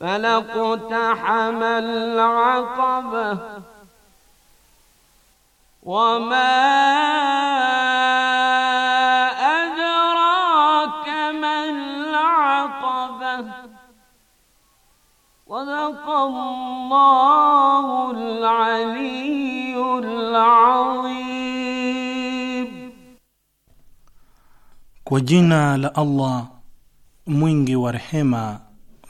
فلقتحم العقبة وما أدراك ما العقبة وذق الله العلي العظيم وجنا لألله la Allah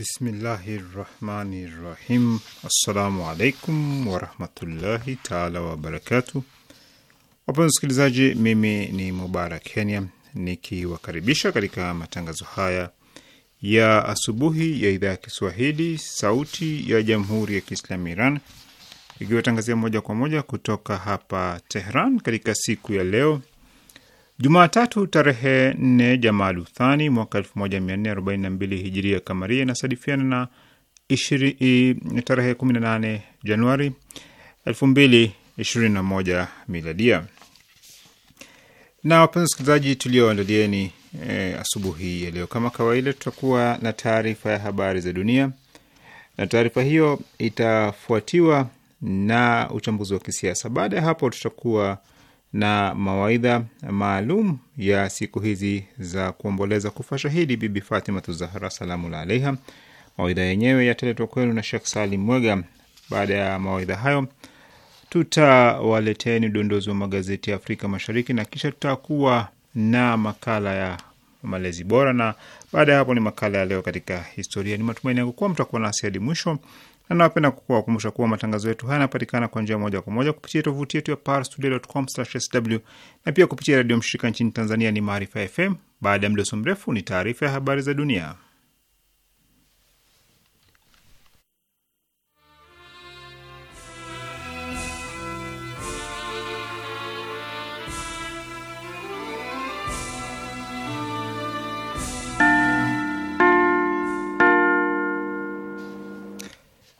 Bismillahi rahmani rahim. Assalamu alaikum warahmatullahi taala wabarakatu. Wapenzi msikilizaji, mimi ni Mubarak Kenya nikiwakaribisha katika matangazo haya ya asubuhi ya idhaa ya Kiswahili sauti ya jamhuri ya Kiislamu Iran ikiwatangazia moja kwa moja kutoka hapa Tehran katika siku ya leo Jumatatu tarehe 4 Jamaluthani mwaka 1442 hijiria kamaria inasadifiana na tarehe 18 Januari 2021 miladia. Na wapenzi wasikilizaji, tulioandalieni e, asubuhi ya leo, kama kawaida, tutakuwa na taarifa ya habari za dunia, na taarifa hiyo itafuatiwa na uchambuzi wa kisiasa. Baada ya hapo tutakuwa na mawaidha maalum ya siku hizi za kuomboleza kufa shahidi Bibi Fatima Tuzahara salamu alaiha. Mawaidha yenyewe yataletwa kwenu na Shekh Salim Mwega. Baada ya mawaidha hayo, tutawaleteni udondozi wa magazeti ya Afrika Mashariki na kisha tutakuwa na makala ya malezi bora, na baada ya hapo ni makala ya leo katika historia. Ni matumaini yangu kuwa mtakuwa nasi hadi mwisho na napenda kuwakumbusha kuwa matangazo yetu haya yanapatikana kwa njia moja kwa moja kupitia tovuti yetu ya parstoday.com/sw na pia kupitia redio mshirika nchini Tanzania ni Maarifa FM. Baada ya mdoso mrefu ni taarifa ya habari za dunia.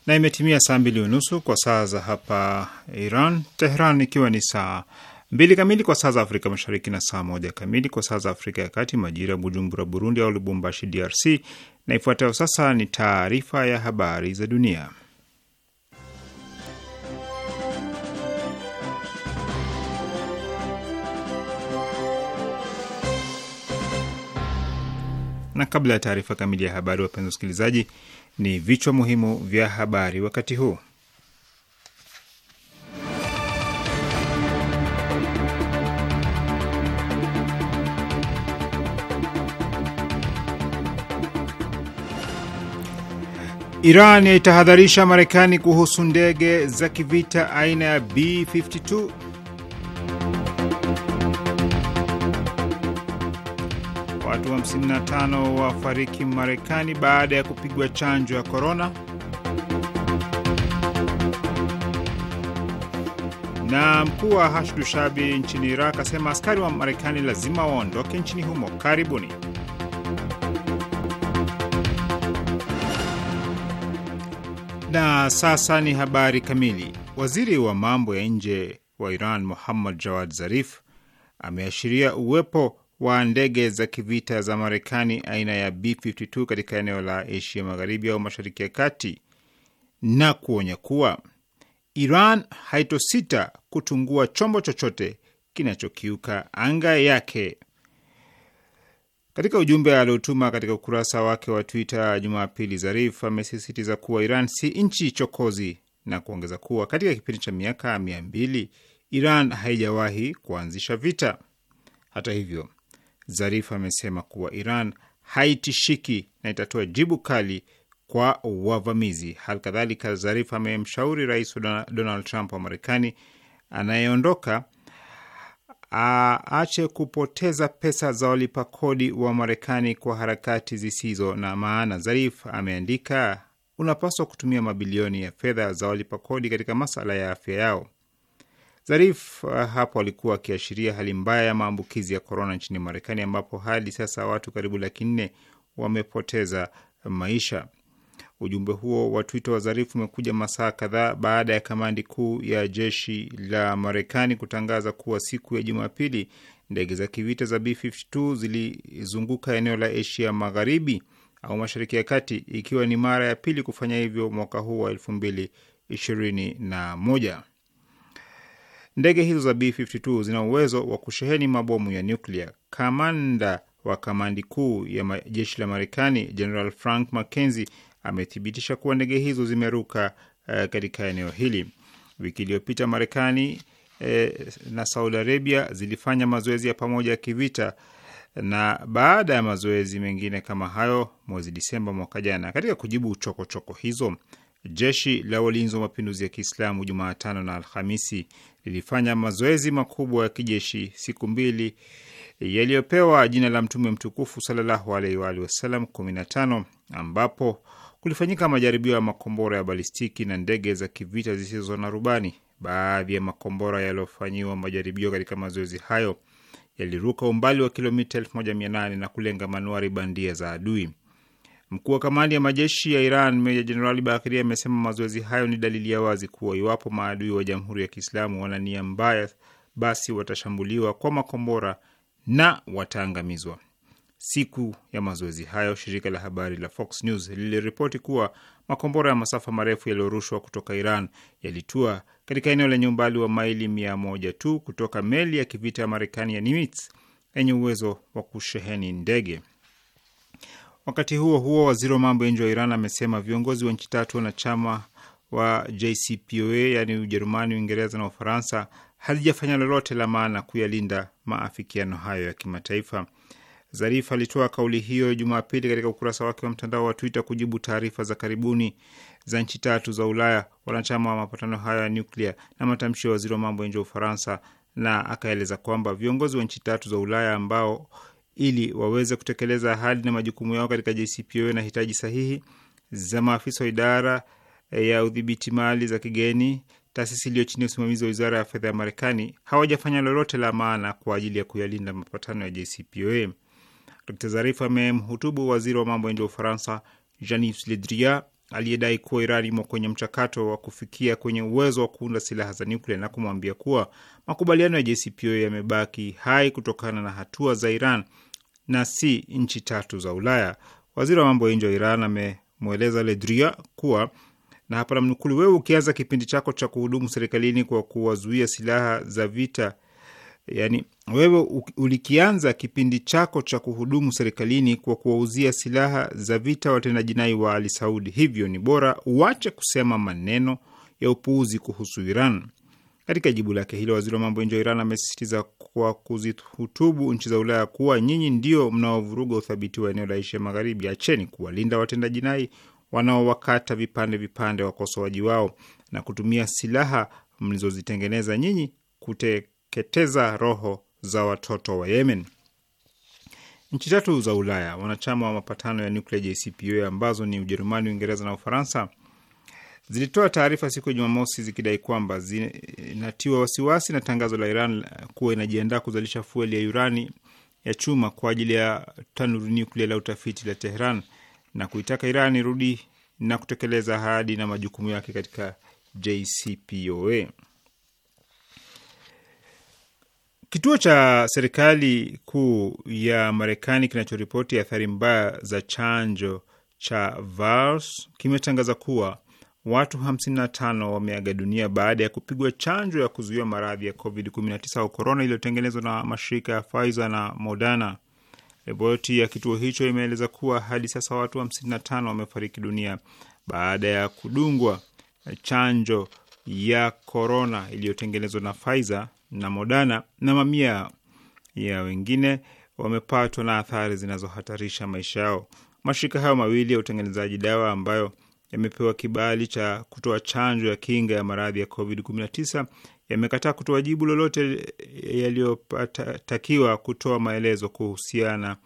na imetimia saa mbili unusu kwa saa za hapa Iran, Tehran, ikiwa ni saa mbili kamili kwa saa za Afrika Mashariki na saa moja kamili kwa saa za Afrika ya Kati, majira ya Bujumbura, Burundi au Lubumbashi, DRC. Na ifuatayo sasa ni taarifa ya habari za dunia, na kabla ya taarifa kamili ya habari, wapenzi wasikilizaji ni vichwa muhimu vya habari wakati huu. Iran yaitahadharisha Marekani kuhusu ndege za kivita aina ya B52 watu 55 wafariki Marekani baada ya kupigwa chanjo ya korona, na mkuu wa Hashdu Shabi nchini Iraq asema askari wa Marekani lazima waondoke nchini humo. Karibuni. Na sasa ni habari kamili. Waziri wa mambo ya nje wa Iran Muhammad Jawad Zarif ameashiria uwepo wa ndege za kivita za Marekani aina ya B52 katika eneo la Asia Magharibi au Mashariki ya Kati na kuonya kuwa Iran haitosita kutungua chombo chochote kinachokiuka anga yake. Katika ujumbe aliotuma katika ukurasa wake wa Twitter Jumapili, Zarif amesisitiza kuwa Iran si nchi chokozi na kuongeza kuwa katika kipindi cha miaka mia mbili Iran haijawahi kuanzisha vita. Hata hivyo Zarif amesema kuwa Iran haitishiki na itatoa jibu kali kwa wavamizi. Hali kadhalika, Zarif amemshauri Rais Donald Trump wa Marekani anayeondoka aache kupoteza pesa za walipa kodi wa Marekani kwa harakati zisizo na maana. Zarif ameandika, unapaswa kutumia mabilioni ya fedha za walipa kodi katika masala ya afya yao. Zarif eh, hapo alikuwa akiashiria hali mbaya ya maambukizi ya korona nchini Marekani, ambapo hadi sasa watu karibu laki nne wamepoteza maisha. Ujumbe huo wa Twitter wa Zarif umekuja masaa kadhaa baada ya kamandi kuu ya jeshi la Marekani kutangaza kuwa siku ya Jumapili ndege za kivita za B52 zilizunguka eneo la Asia Magharibi au Mashariki ya Kati, ikiwa ni mara ya pili kufanya hivyo mwaka huu wa elfu mbili ishirini na moja. Ndege hizo za B52 zina uwezo wa kusheheni mabomu ya nyuklia. Kamanda wa kamandi kuu ya jeshi la Marekani General Frank McKenzie amethibitisha kuwa ndege hizo zimeruka uh, katika eneo hili. Wiki iliyopita Marekani eh, na Saudi Arabia zilifanya mazoezi ya pamoja ya kivita na baada ya mazoezi mengine kama hayo mwezi Disemba mwaka jana. Katika kujibu chokochoko choko hizo, jeshi la walinzi wa mapinduzi ya Kiislamu Jumatano na Alhamisi lilifanya mazoezi makubwa ya kijeshi siku mbili yaliyopewa jina la Mtume mtukufu sallallahu alaihi wa alihi wasallam 15 ambapo kulifanyika majaribio ya makombora ya balistiki na ndege za kivita zisizo na rubani. Baadhi ya makombora yaliyofanyiwa majaribio katika mazoezi hayo yaliruka umbali wa kilomita 1800 na kulenga manuari bandia za adui. Mkuu wa kamandi ya majeshi ya Iran meja jenerali Bakiri amesema mazoezi hayo ni dalili ya wazi kuwa iwapo maadui wa Jamhuri ya Kiislamu wana nia mbaya, basi watashambuliwa kwa makombora na wataangamizwa. Siku ya mazoezi hayo, shirika la habari la Fox News liliripoti kuwa makombora ya masafa marefu yaliyorushwa kutoka Iran yalitua katika eneo lenye umbali wa maili mia moja tu kutoka meli ya kivita ya Marekani ya Nimitz yenye uwezo wa kusheheni ndege. Wakati huo huo, waziri wa mambo ya nje wa Iran amesema viongozi wa nchi tatu wanachama wa JCPOA yaani Ujerumani, Uingereza na Ufaransa halijafanya lolote la maana kuyalinda maafikiano hayo ya kimataifa. Zarif alitoa kauli hiyo Jumapili katika ukurasa wake wa mtandao wa Twitter kujibu taarifa za karibuni za nchi tatu za Ulaya wanachama wa mapatano hayo ya nuklia na matamshi ya waziri wa mambo ya nje wa Ufaransa, na akaeleza kwamba viongozi wa nchi tatu za Ulaya ambao ili waweze kutekeleza ahadi na majukumu yao katika JCPOA na hitaji sahihi za maafisa wa idara eh, ya udhibiti mali za kigeni, taasisi iliyo chini ya usimamizi wa wizara ya fedha ya Marekani, hawajafanya lolote la maana kwa ajili ya kuyalinda mapatano ya JCPOA. Dr Zarif amemhutubu waziri wa mambo ya nje wa Ufaransa, Janives Le Drian, aliyedai kuwa Iran imo kwenye mchakato wa kufikia kwenye uwezo wa kuunda silaha za nuklia na kumwambia kuwa makubaliano ya JCPOA yamebaki hai kutokana na hatua za Iran na si nchi tatu za Ulaya. Waziri wa mambo ya nje wa Iran amemweleza ledria kuwa na hapa namnukulu, wewe ukianza kipindi chako cha kuhudumu serikalini kwa kuwazuia silaha za vita Yani, wewe ulikianza kipindi chako cha kuhudumu serikalini kwa kuwauzia silaha za vita watenda jinai wa Ali Saudi, hivyo ni bora uache kusema maneno ya upuuzi kuhusu Iran. Katika jibu lake hilo, waziri wa mambo ya nje wa Iran amesisitiza kwa kuzihutubu nchi za Ulaya kuwa nyinyi ndio mnaovuruga uthabiti wa eneo la Asia Magharibi, acheni kuwalinda watenda jinai wanaowakata vipande vipande wakosoaji wao na kutumia silaha mlizozitengeneza nyinyi kuteketeza roho za watoto wa Yemen. Nchi tatu za Ulaya wanachama wa mapatano ya nuklia JCPOA ambazo ni Ujerumani, Uingereza na Ufaransa zilitoa taarifa siku ya Jumamosi zikidai kwamba zinatiwa wasiwasi na tangazo la Iran kuwa inajiandaa kuzalisha fueli ya urani ya chuma kwa ajili ya tanuri nyuklia la utafiti la Tehran na kuitaka Iran irudi na kutekeleza ahadi na majukumu yake katika JCPOA. Kituo cha serikali kuu ya Marekani kinachoripoti athari mbaya za chanjo cha VAERS kimetangaza kuwa watu 55 wameaga dunia baada ya kupigwa chanjo ya kuzuia maradhi ya COVID-19 au korona iliyotengenezwa na mashirika ya Pfizer na Moderna. Ripoti ya kituo hicho imeeleza kuwa hadi sasa watu 55 wamefariki dunia baada ya kudungwa chanjo ya korona iliyotengenezwa na Pfizer na Moderna, na mamia ya wengine wamepatwa na athari zinazohatarisha maisha yao. Mashirika hayo mawili ya utengenezaji dawa ambayo yamepewa kibali cha kutoa chanjo ya kinga ya maradhi ya COVID-19 yamekataa kutoa jibu lolote yaliyotakiwa kutoa maelezo kuhusiana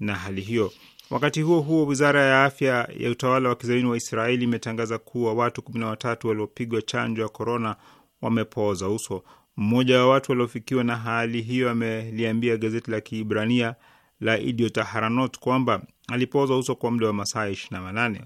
na hali hiyo. Wakati huo huo, wizara ya afya ya utawala wa kizayuni wa Israeli imetangaza kuwa watu kumi na watatu waliopigwa chanjo ya korona wamepooza uso. Mmoja wa watu waliofikiwa na hali hiyo ameliambia gazeti la Kiibrania la Idiot Aharonot kwamba alipooza uso kwa muda wa masaa ishirini na manane.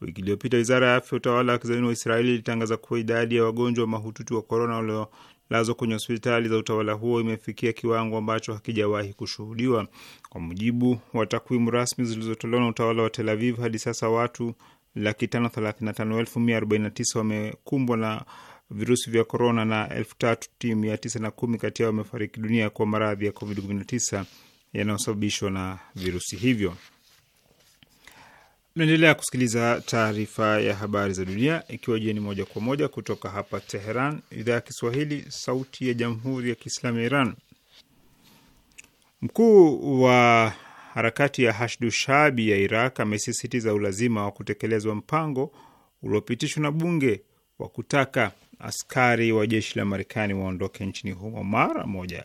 Wiki iliyopita wizara ya afya utawala wa kizaini wa Israeli ilitangaza kuwa idadi ya wagonjwa mahututi wa korona waliolazwa kwenye hospitali za utawala huo imefikia kiwango ambacho hakijawahi kushuhudiwa. Kwa mujibu wa takwimu rasmi zilizotolewa na utawala wa Tel Aviv, hadi sasa watu laki tano thelathini na tano elfu mia arobaini na tisa wamekumbwa na virusi vya korona na elfu tatu mia tisa na kumi kati yao wamefariki dunia kwa maradhi ya COVID-19 yanayosababishwa na virusi hivyo. Naendelea kusikiliza taarifa ya habari za dunia ikiwa jieni moja kwa moja kutoka hapa Teheran, idhaa ya Kiswahili, sauti ya jamhuri ya kiislamu ya Iran. Mkuu wa harakati ya Hashdu Shabi ya Iraq amesisitiza ulazima wa kutekelezwa mpango uliopitishwa na bunge wa kutaka askari wa jeshi la Marekani waondoke nchini humo mara moja.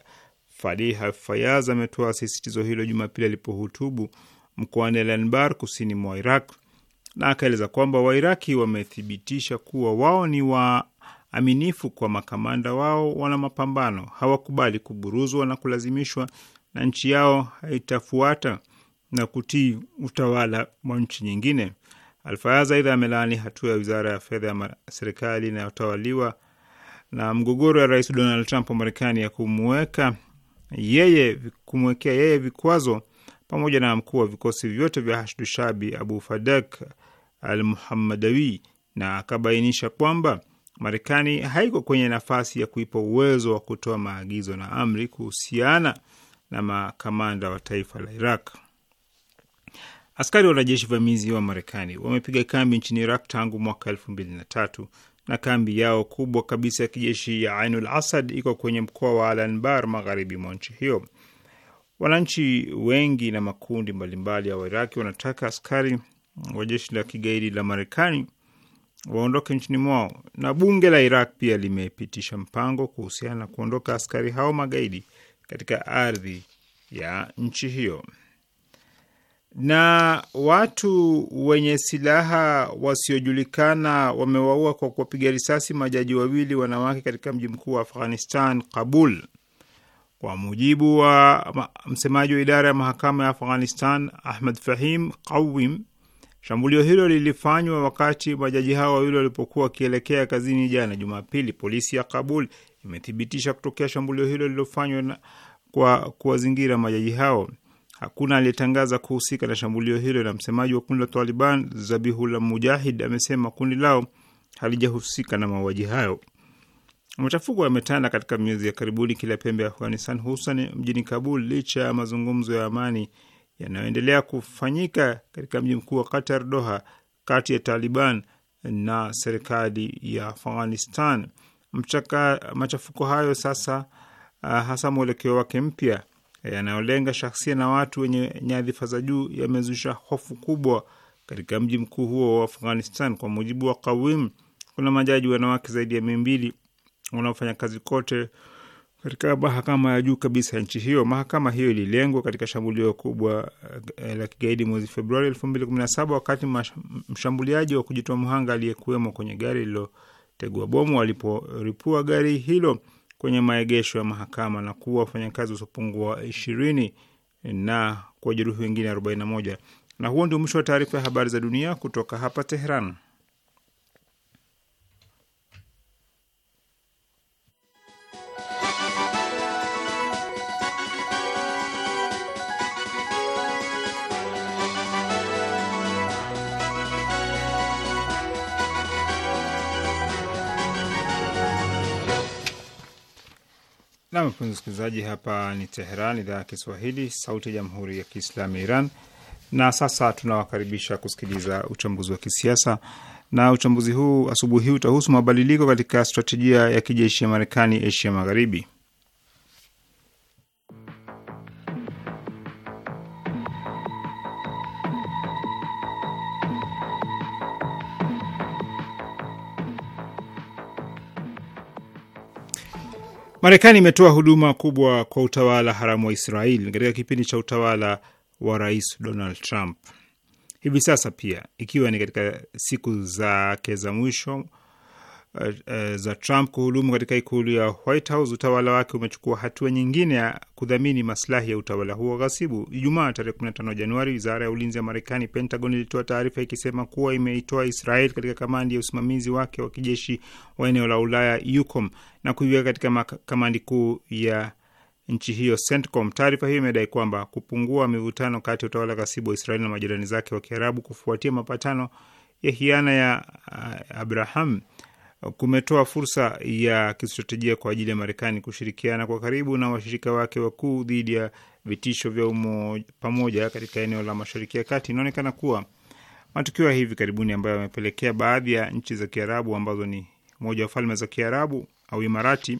Fadi Hafayaz ametoa sisitizo hilo Jumapili alipohutubu mkoani Elenbar kusini mwa Iraq, na akaeleza kwamba Wairaki wamethibitisha kuwa wao ni waaminifu kwa makamanda wao wana mapambano, hawakubali kuburuzwa na kulazimishwa, na nchi yao haitafuata na kutii utawala wa nchi nyingine. Alfayaz aidha amelaani hatua ya wizara ya fedha ya serikali inayotawaliwa na mgogoro ya Rais Donald Trump wa Marekani ya kumweka yeye kumwekea yeye vikwazo pamoja na mkuu wa vikosi vyote vya Hashdu Shabi Abu Fadak al Muhammadawi, na akabainisha kwamba Marekani haiko kwenye nafasi ya kuipa uwezo wa kutoa maagizo na amri kuhusiana na makamanda wa taifa la Iraq. Askari wa wanajeshi vamizi wa Marekani wamepiga kambi nchini Iraq tangu mwaka elfu mbili na tatu na kambi yao kubwa kabisa ya kijeshi ya Ainul Asad iko kwenye mkoa wa alanbar magharibi mwa nchi hiyo. Wananchi wengi na makundi mbalimbali ya Wairaki wanataka askari wa jeshi la kigaidi la Marekani waondoke nchini mwao, na bunge la Iraq pia limepitisha mpango kuhusiana na kuondoka askari hao magaidi katika ardhi ya nchi hiyo. Na watu wenye silaha wasiojulikana wamewaua kwa kuwapiga risasi majaji wawili wanawake katika mji mkuu wa Afghanistan, Kabul. Kwa mujibu wa msemaji wa idara ya mahakama ya Afghanistan, Ahmad Fahim Qawim, shambulio hilo lilifanywa wakati majaji hao wawili walipokuwa wakielekea kazini jana Jumapili. Polisi ya Kabul imethibitisha kutokea shambulio hilo lililofanywa kwa kuwazingira majaji hao. Hakuna aliyetangaza kuhusika na shambulio hilo, na msemaji wa kundi la Taliban Zabihullah Mujahid amesema kundi lao halijahusika na mauaji hayo. Machafuko yametanda katika miezi ya karibuni kila pembe ya Afghanistan, hususan mjini Kabul, licha ya mazungumzo ya amani yanayoendelea kufanyika katika mji mkuu wa Qatar, Doha, kati ya Taliban na serikali ya Afghanistan. Mchaka, machafuko hayo sasa uh, hasa mwelekeo wake mpya yanayolenga shahsia na watu wenye nyadhifa za juu yamezusha hofu kubwa katika mji mkuu huo wa Afghanistan. Kwa mujibu wa Kawim, kuna majaji wanawake zaidi ya mia mbili wanaofanya kazi kote katika mahakama ya juu kabisa ya nchi hiyo. Mahakama hiyo ililengwa katika shambulio kubwa eh, la kigaidi mwezi Februari 2017 wakati mshambuliaji wa kujitoa mhanga aliyekuwemo kwenye gari lililotegwa bomu aliporipua gari hilo kwenye maegesho ya mahakama na kuua wafanyakazi wasiopungua ishirini na kuwajeruhi wengine 41. Na huo ndio mwisho wa taarifa ya habari za dunia kutoka hapa teheran Nam mpenzi msikilizaji, hapa ni Teheran, idhaa ya Kiswahili, sauti ya jamhuri ya kiislamu ya Iran. Na sasa tunawakaribisha kusikiliza uchambuzi wa kisiasa, na uchambuzi huu asubuhi hii utahusu mabadiliko katika stratejia ya kijeshi ya Marekani Asia Magharibi. Marekani imetoa huduma kubwa kwa utawala haramu wa Israel katika kipindi cha utawala wa Rais Donald Trump. Hivi sasa pia, ikiwa ni katika siku zake za mwisho uh, za Trump kuhudumu katika ikulu ya White House, utawala wake umechukua hatua nyingine ya kudhamini maslahi ya utawala huo ghasibu. Ijumaa tarehe 15 Januari, wizara ya ulinzi ya Marekani, Pentagon, ilitoa taarifa ikisema kuwa imeitoa Israel katika kamandi ya usimamizi wake wa kijeshi wa eneo la Ulaya, EUCOM, na kuiweka katika kamandi kuu ya nchi hiyo CENTCOM. Taarifa hiyo imedai kwamba kupungua mivutano kati ya utawala ghasibu wa Israeli na majirani zake wa Kiarabu kufuatia mapatano ya hiana ya eh, Abraham kumetoa fursa ya kistratejia kwa ajili ya Marekani kushirikiana kwa karibu na washirika wake wakuu dhidi ya vitisho vya umoja pamoja katika eneo la Mashariki ya Kati. Inaonekana kuwa matukio ya hivi karibuni ambayo yamepelekea baadhi ya nchi za Kiarabu ambazo ni Umoja wa Falme za Kiarabu au Imarati,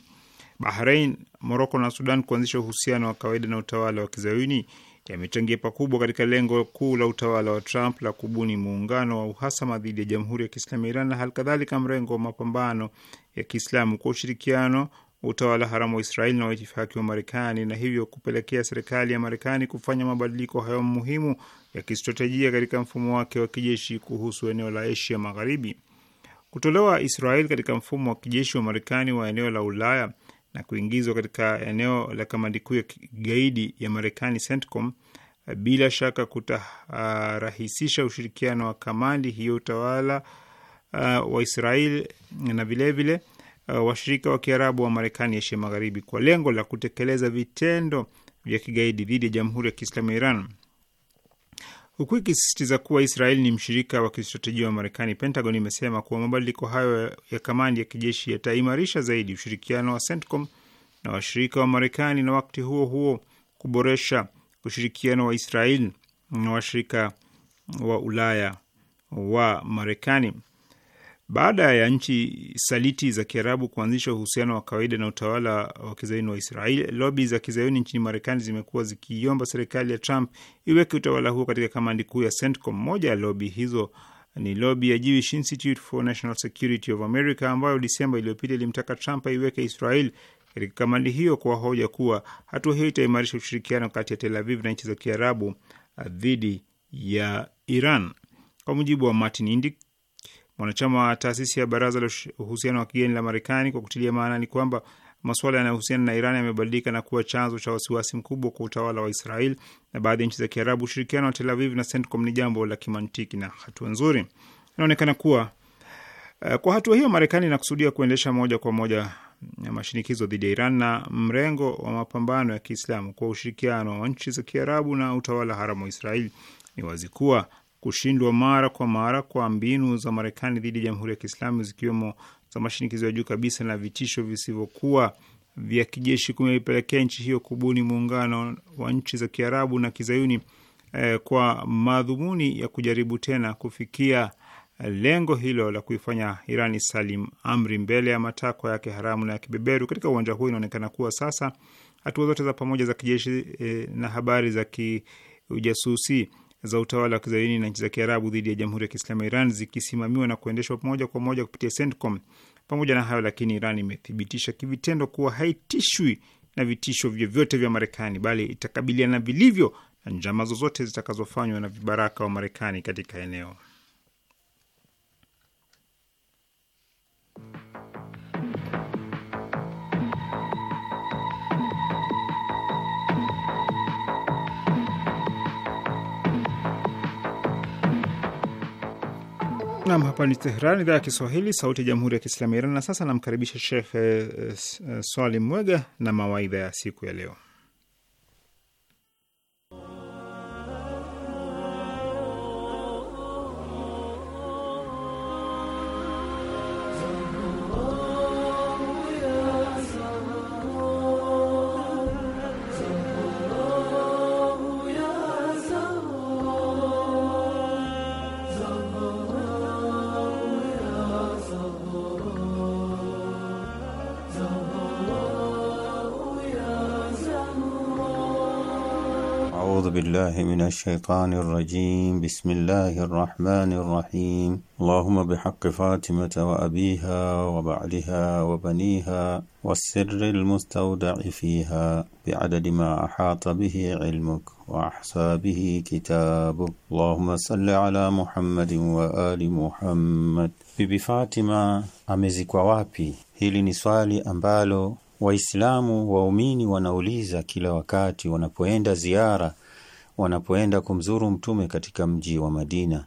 Bahrain, Moroko na Sudan kuanzisha uhusiano wa kawaida na utawala wa Kizayuni yamechangia pakubwa katika lengo kuu la utawala wa Trump la kubuni muungano wa uhasama dhidi ya Jamhuri ya Kiislamu ya Iran na halikadhalika mrengo wa mapambano ya Kiislamu kwa ushirikiano utawala haramu wa Israeli na waitifaki wa Marekani na hivyo kupelekea serikali ya Marekani kufanya mabadiliko hayo muhimu ya kistratejia katika mfumo wake wa kijeshi kuhusu eneo la Asia Magharibi. Kutolewa Israeli katika mfumo wa kijeshi wa Marekani wa eneo la Ulaya na kuingizwa katika eneo la kamandi kuu ya kigaidi ya Marekani, CENTCOM, bila shaka kutarahisisha ushirikiano wa kamandi hiyo utawala uh, wa Israel na vilevile uh, washirika wa Kiarabu wa Marekani Asia Magharibi, kwa lengo la kutekeleza vitendo vya kigaidi dhidi ya Jamhuri ya Kiislamu ya Iran huku ikisisitiza kuwa israel ni mshirika wa kistratejia wa Marekani. Pentagon imesema kuwa mabadiliko hayo ya kamandi ya kijeshi yataimarisha zaidi ushirikiano wa CENTCOM na washirika wa Marekani na wakati huo huo kuboresha ushirikiano wa israel na washirika wa Ulaya wa Marekani. Baada ya nchi saliti za Kiarabu kuanzisha uhusiano wa kawaida na utawala wa kizayuni wa Israeli, lobi za kizayuni nchini Marekani zimekuwa zikiiomba serikali ya Trump iweke utawala huo katika kamandi kuu ya CENTCOM. Moja ya lobi hizo ni lobi ya Jewish Institute for National Security of America ambayo Disemba iliyopita ilimtaka Trump aiweke Israel katika kamandi hiyo kwa hoja kuwa hatua hiyo itaimarisha ushirikiano kati ya Tel Aviv na nchi za Kiarabu dhidi ya Iran. Kwa mujibu wa Martin Indyk, mwanachama wa taasisi ya Baraza la Uhusiano wa Kigeni la Marekani, kwa kutilia maanani kwamba masuala yanayohusiana na Iran yamebadilika na kuwa chanzo cha wasiwasi mkubwa kwa utawala wa Israel na baadhi ya nchi za Kiarabu, ushirikiano wa Tel Aviv na CENTCOM ni jambo la kimantiki na hatua nzuri. Inaonekana kuwa eh, kwa hatua hiyo Marekani inakusudia kuendesha moja kwa moja ya mm, mashinikizo dhidi ya Iran na mrengo wa mapambano ya Kiislamu kwa ushirikiano wa nchi za Kiarabu na utawala haramu wa israel Ni wazi kuwa kushindwa mara kwa mara kwa mbinu za Marekani dhidi ya Jamhuri ya Kiislamu zikiwemo za mashinikizo ya juu kabisa na vitisho visivyokuwa vya kijeshi kumeipelekea nchi hiyo kubuni muungano wa nchi za Kiarabu na Kizayuni eh, kwa madhumuni ya kujaribu tena kufikia eh, lengo hilo la kuifanya Irani salim amri mbele ya matakwa yake haramu na ya kibeberu. Katika uwanja huu inaonekana kuwa sasa hatua zote za pamoja za kijeshi eh, na habari za kiujasusi za utawala wa kizaini na nchi za Kiarabu dhidi ya Jamhuri ya Kiislamu ya Iran zikisimamiwa na kuendeshwa moja kwa moja kupitia CENTCOM. Pamoja na hayo lakini, Iran imethibitisha kivitendo kuwa haitishwi na vitisho vyovyote vya Marekani, bali itakabiliana vilivyo na njama zozote zitakazofanywa na vibaraka wa Marekani katika eneo. Nam, hapa ni Tehran, idhaa ya Kiswahili, sauti ya jamhuri ya kiislamu ya Iran. Na sasa namkaribisha shekhe eh, eh, swali Mwega na mawaidha ya siku ya leo. أعوذ بالله من الشيطان الرجيم بسم الله الرحمن الرحيم اللهم بحق فاطمة وأبيها وبعلها وبنيها والسر المستودع فيها بعدد ما أحاط به علمك وأحصى به كتابك اللهم صل على محمد وآل محمد Bibi Fatima amezikwa wapi? Hili ni أمبالو ambalo Waislamu waumini wanauliza kila wakati wanapoenda ziara wanapoenda kumzuru mtume katika mji wa Madina.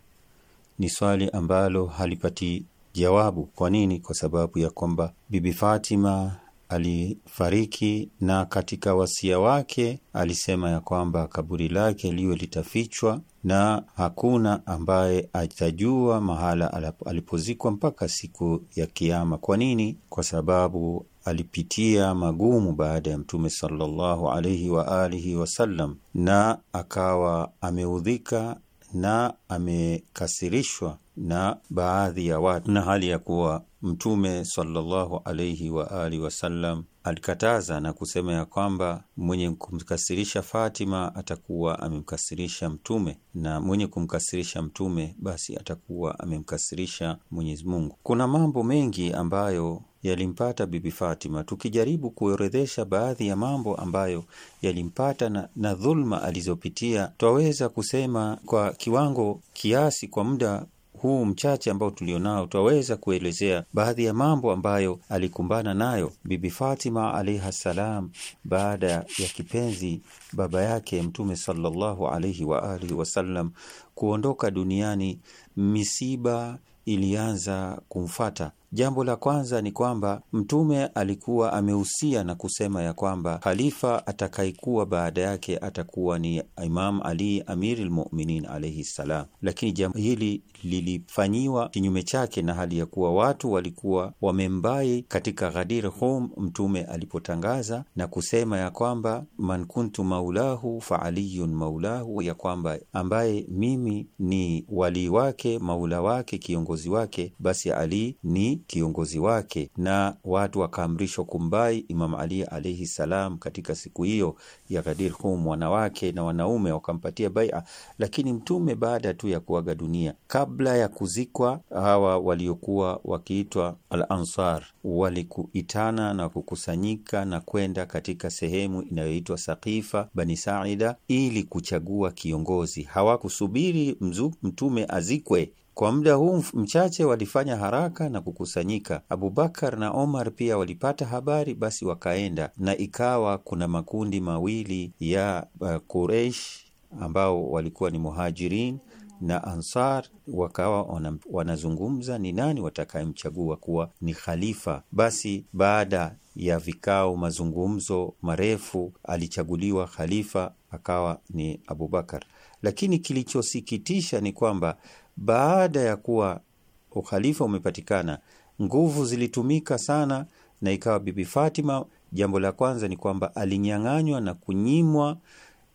Ni swali ambalo halipati jawabu. Kwa nini? Kwa sababu ya kwamba Bibi Fatima alifariki, na katika wasia wake alisema ya kwamba kaburi lake liwe litafichwa na hakuna ambaye atajua mahala alipozikwa mpaka siku ya Kiama. Kwa nini? Kwa sababu alipitia magumu baada ya Mtume sallallahu alaihi wa alihi wasallam, na akawa ameudhika na amekasirishwa na baadhi ya watu, na hali ya kuwa Mtume sallallahu alaihi alihi wasallam alikataza na kusema ya kwamba mwenye kumkasirisha Fatima atakuwa amemkasirisha Mtume, na mwenye kumkasirisha Mtume basi atakuwa amemkasirisha Mwenyezi Mungu. Kuna mambo mengi ambayo yalimpata Bibi Fatima, tukijaribu kuorodhesha baadhi ya mambo ambayo yalimpata na, na dhulma alizopitia, twaweza kusema kwa kiwango kiasi, kwa muda huu mchache ambao tulionao, twaweza kuelezea baadhi ya mambo ambayo alikumbana nayo Bibi Fatima alaihi ssalam, baada ya kipenzi baba yake Mtume sallallahu alaihi wa alihi wasallam kuondoka duniani, misiba ilianza kumfata Jambo la kwanza ni kwamba Mtume alikuwa amehusia na kusema ya kwamba khalifa atakayekuwa baada yake atakuwa ni Imam Ali Amirul lmuminin alaihi ssalam, lakini jambo hili lilifanyiwa kinyume chake, na hali ya kuwa watu walikuwa wamembai katika Ghadir Hum Mtume alipotangaza na kusema ya kwamba man kuntu maulahu fa aliyun maulahu, ya kwamba ambaye mimi ni walii wake, maula wake, kiongozi wake, basi Ali ni kiongozi wake, na watu wakaamrishwa kumbai Imam Ali alaihi salam katika siku hiyo ya Ghadir Hum. Wanawake na wanaume wakampatia baia, lakini Mtume baada tu ya kuaga dunia, kabla ya kuzikwa, hawa waliokuwa wakiitwa Al-Ansar walikuitana na kukusanyika na kwenda katika sehemu inayoitwa saifa Bani Saida ili kuchagua kiongozi. Hawakusubiri Mtume azikwe kwa muda huu mchache walifanya haraka na kukusanyika. Abubakar na Omar pia walipata habari, basi wakaenda, na ikawa kuna makundi mawili ya uh, Quraish ambao walikuwa ni Muhajirin na Ansar wakawa wanazungumza ni nani watakayemchagua kuwa ni khalifa. Basi baada ya vikao, mazungumzo marefu, alichaguliwa khalifa akawa ni Abubakar. Lakini kilichosikitisha ni kwamba baada ya kuwa ukhalifa umepatikana, nguvu zilitumika sana na ikawa Bibi Fatima, jambo la kwanza ni kwamba alinyang'anywa na kunyimwa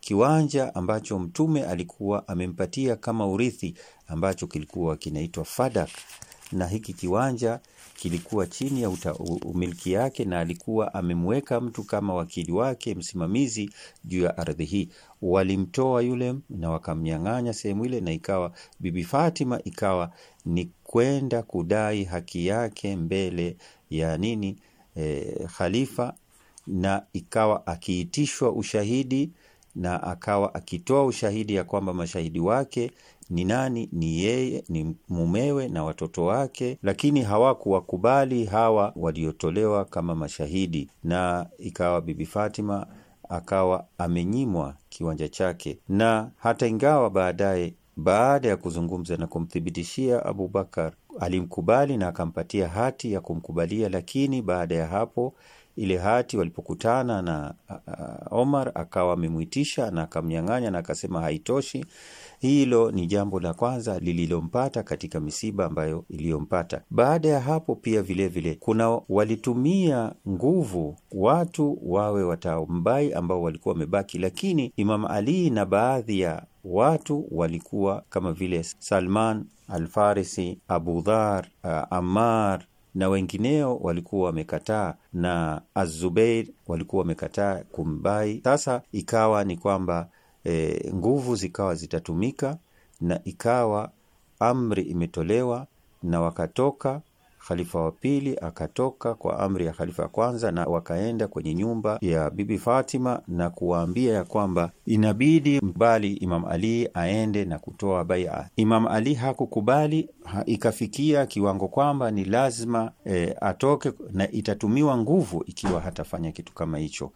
kiwanja ambacho Mtume alikuwa amempatia kama urithi ambacho kilikuwa kinaitwa Fadak, na hiki kiwanja kilikuwa chini ya uta, umiliki yake na alikuwa amemweka mtu kama wakili wake msimamizi juu ya ardhi hii. Walimtoa yule na wakamnyang'anya sehemu ile, na ikawa Bibi Fatima ikawa ni kwenda kudai haki yake mbele ya nini e, khalifa, na ikawa akiitishwa ushahidi na akawa akitoa ushahidi ya kwamba mashahidi wake ni nani? Ni yeye, ni mumewe na watoto wake, lakini hawakuwakubali hawa waliotolewa kama mashahidi, na ikawa Bibi Fatima akawa amenyimwa kiwanja chake, na hata ingawa baadaye baada ya kuzungumza na kumthibitishia Abubakar alimkubali na akampatia hati ya kumkubalia, lakini baada ya hapo ile hati walipokutana na Omar akawa amemwitisha na akamnyang'anya na akasema haitoshi, hilo ni jambo la kwanza lililompata katika misiba ambayo iliyompata. Baada ya hapo pia vilevile vile, kuna walitumia nguvu watu wawe watambai ambao walikuwa wamebaki, lakini Imam Ali na baadhi ya watu walikuwa kama vile Salman Alfarisi, Abu Dhar, uh, Ammar na wengineo walikuwa wamekataa na azubeir walikuwa wamekataa kumbai. Sasa ikawa ni kwamba e, nguvu zikawa zitatumika na ikawa amri imetolewa na wakatoka Khalifa wa pili akatoka kwa amri ya khalifa ya kwanza, na wakaenda kwenye nyumba ya Bibi Fatima na kuwaambia ya kwamba inabidi mbali Imam Ali aende na kutoa baia. Imam Ali hakukubali ha, ikafikia kiwango kwamba ni lazima e, atoke na itatumiwa nguvu ikiwa hatafanya kitu kama hicho,